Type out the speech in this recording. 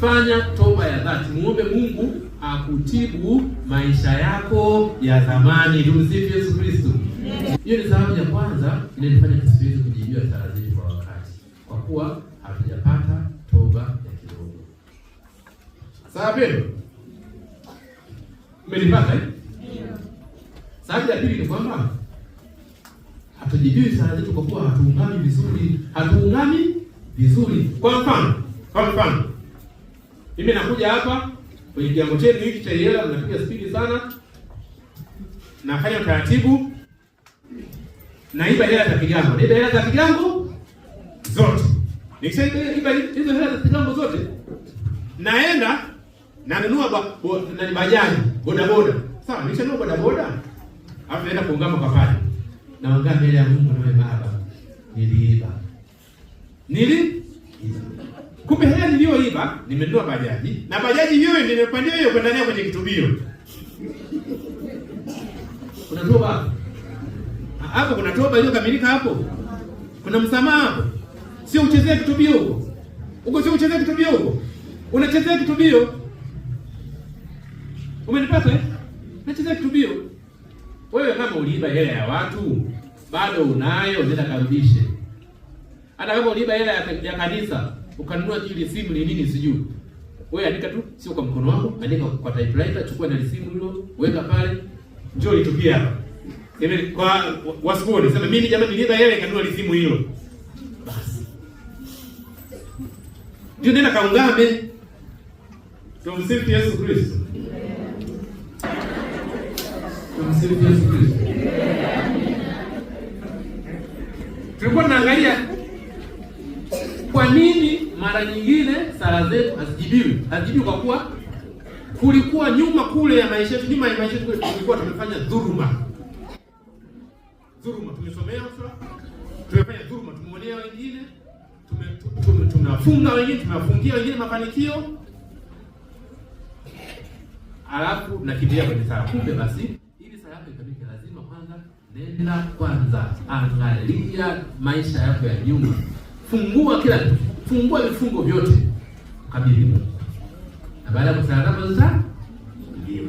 Fanya toba ya dhati, muombe Mungu akutibu maisha yako ya zamani. Tumsifu Yesu Kristo. Hiyo ni sababu ya kwanza inanifanya tusiweze kujijua taratibu kwa wakati, kwa kuwa hatujapata toba ya kiroho. Sawa pendo, mmenipata eh? Sababu ya pili ni kwamba hatujijui sala zetu kwa kuwa hatuungami vizuri, hatuungami vizuri. Kwa mfano, kwa mfano mimi nakuja hapa kwenye kiango chenu hiki cha hela, mnapiga spidi sana, nafanya utaratibu, naiba hela za kigango, naiba hela za kigango zote. Nikisema iba hizo hela za kigango zote, naenda nanunua ba, bo, nani bajaji boda boda, sawa. Nikishanunua boda boda, alafu naenda kuungama kwa pale, naungama mbele ya Mungu, nawe Baba, niliiba nili Kumbe hela niliyoiba nimenunua bajaji na bajaji hiyo nimepandia hiyo kwenda nayo kwenye kitubio. Kuna toba hapo, kuna toba iliyokamilika hapo, kuna msamaha hapo. Sio uchezee kitubio huko huko, sio uchezee kitubio huko, unachezea kitubio. Umenipata eh? Nachezea kitubio. Wewe kama uliiba hela ya watu bado unayo, nenda karudishe. Hata kama uliiba hela ya kanisa ukanunua ile simu ni nini sijui. Wewe andika tu, sio kwa mkono wako, andika kwa typewriter, chukua na simu hilo, weka pale, njoo nitupie hapa. Sema yaani kwa wasikoni, sema mimi jamani nilienda yeye kanunua ile simu hilo. Basi. Ndio nenda kaungame. Tumsifu Yesu Kristo. Tumsifu Yesu Kristo. Tulikuwa tunaangalia kwa nini mara nyingine sala zetu hazijibiwi, hazijibiwi kwa kuwa kulikuwa nyuma kule ya maisha yetu, nyuma ya maisha yetu kulikuwa tumefanya dhuluma. Dhuluma tumesomea sura, tumefanya dhuluma, tumeonea wengine, tumefunga wengine, tumewafungia wengine mafanikio, alafu nakimbia kwenye sala. Kumbe basi ili sala yako ikamilike, lazima kwanza nenda kwanza, angalia maisha yako ya nyuma, fungua kila kitu fungua vifungo vyote, kabiri na baada ya kusaadaba zote